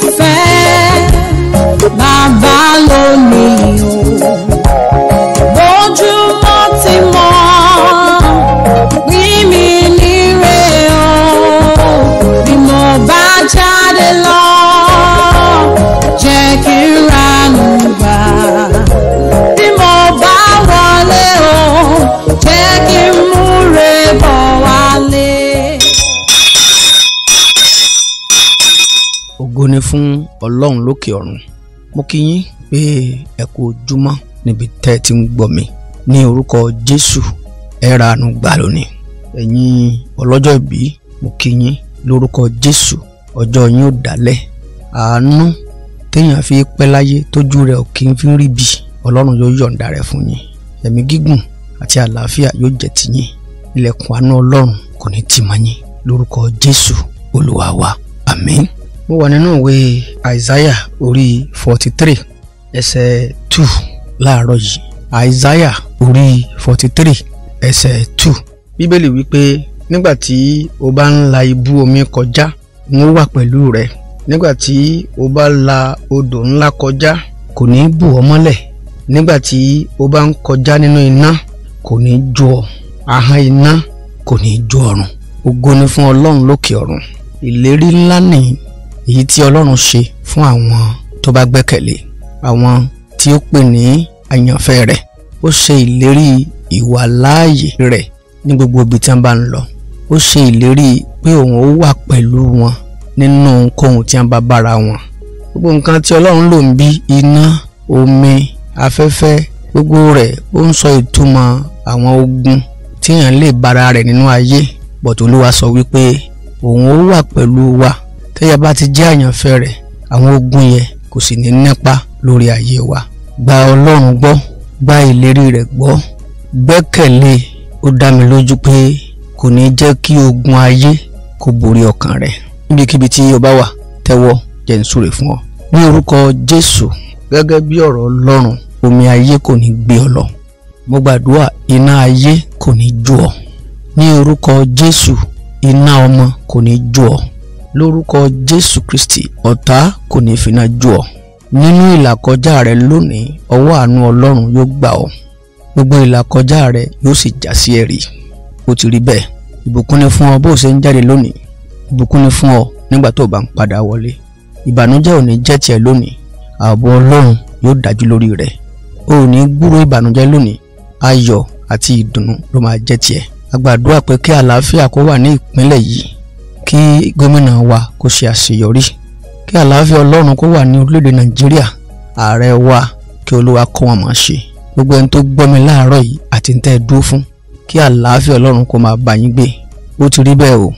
Dios ní fún ọlọ́run lókè ọ̀run mo kí yín pé ẹ kú ojúmọ́ níbi tẹ́ ẹ ti ń gbọ́ mi ní orúkọ jésù ẹ ra àánú gbà lónìí ẹ̀yin ọlọ́jọ́ ìbí mo kí yín lórúkọ jésù ọjọ́ yín ò dálẹ̀ àánú téèyàn fi pẹ́ láyé tójú rẹ̀ ò kí n fi rí bi ọlọ́run yóò yọ̀ǹda rẹ̀ fún yín ẹ̀mí gígùn àti àlàáfíà yóò jẹ́ tiyín ilẹ̀kùn àánú ọlọ́run kò ní tì mọ́ yín lórúkọ jésù olúwa wa mo wà nínú ìwé Isaiah orí forty three ẹsẹ̀ two láàárọ̀ yìí Isaiah orí forty three ẹsẹ̀ two bíbélì wípé nígbà tí o bá ń la ibú omi kọjá n ó wà pẹ̀lú rẹ nígbà tí o bá la odò ńlá kọjá kò ní bù ọ́ mọ́lẹ̀ nígbà tí o bá ń kọjá nínú iná kò ní jó ọ ahọ́n iná kò ní jó ọrùn ògo ni fún ọlọ́run lókè ọ̀run ìlérí ńlá nìyí èyí tí Ọlọ́run ṣe fún àwọn tó bá gbẹ́kẹ̀lé àwọn tí ó pè ní àyànfẹ́ rẹ̀ ó ṣe ìlérí ìwàláàyè rẹ̀ ní gbogbo ibi tí wọ́n bá ń lọ ó ṣe ìlérí pé òun ó wà pẹ̀lú wọn nínú ohunkóhun tí wọ́n bá bára wọn gbogbo nǹkan tí Ọlọ́run lò ń bí iná omi afẹ́fẹ́ gbogbo rẹ̀ ó ń sọ ìtumọ̀ àwọn ogun tí èèyàn lè bára rẹ̀ nínú ayé bọ̀tò sọ wípé òun ó wà pẹ̀lú wa tẹ́yà bá ti jẹ́ àyànfẹ́ rẹ̀ àwọn ogun yẹn kò sì ní nípa lórí ayé wa gba ọlọ́run gbọ́ gba ìlérí rẹ̀ gbọ́ gbẹ́kẹ̀lé ó dá mi lójú pé kò ní jẹ́ kí ogun ayé kó borí ọkàn rẹ̀ níbikíbi tí o bá wà tẹ́wọ́ jẹ́ ń súre fún ọ ní orúkọ jésù gẹ́gẹ́ bí ọ̀rọ̀ ọlọ́run omi ayé kò ní gbé ọ lọ mo gbàdúrà iná ayé kò ní jó ọ ní orúkọ jésù iná ọmọ kò ní jó ọ lórúkọ jésù kristi ọ̀tá kò ní fìnà jù ọ́ nínú ìlàkọjá rẹ lónìí ọwọ́ àánú ọlọ́run yóò gbà ọ́ gbogbo ìlàkọjá rẹ yóò sì já sí ẹ̀rí ó ti rí bẹ́ẹ̀ ìbùkún ni fún ọ bó o ṣe ń jáde lónìí ìbùkún ni fún ọ nígbà tó o bá ń padà wọlé ìbànújẹ́ ò ní jẹ́ tiẹ̀ lónìí ààbò ọlọ́run yóò dájú lórí rẹ o ò ní gbúrò ìbànújẹ́ lónìí ayọ̀ àti ìdùnnú ló máa jẹ́ tiẹ̀ a gbàdúrà àlàáfíà kó wà ní ìpínlẹ̀ yìí kí gómìnà wa kó ṣe àṣeyọrí kí àlàáfíà ọlọ́run kó wà ní orílẹ̀-èdè nàìjíríà ààrẹ wa kí olúwa kó wọn máa ṣe gbogbo ẹni tó gbọ́ mi láàárọ̀ yìí àti ń tẹ́ ẹ dúró fún kí àlàáfíà ọlọ́run kó máa bá yín gbé ó ti rí bẹ́ẹ̀ o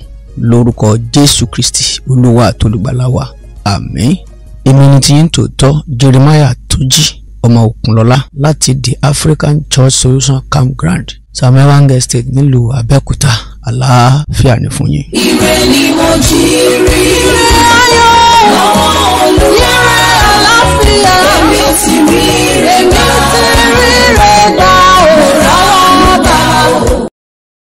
lórúkọ jésù kristi olúwa àtolùgbàlà wa àmín èmi ni ti yín tòótọ́ jeremiah tójì ọmọ òkunlọ́lá láti the african church solution campground samuel wange state nílùú abẹ́òkúta àlàáfíà ni fún yín. ire ni mo jí rí rẹ́ ayọ̀.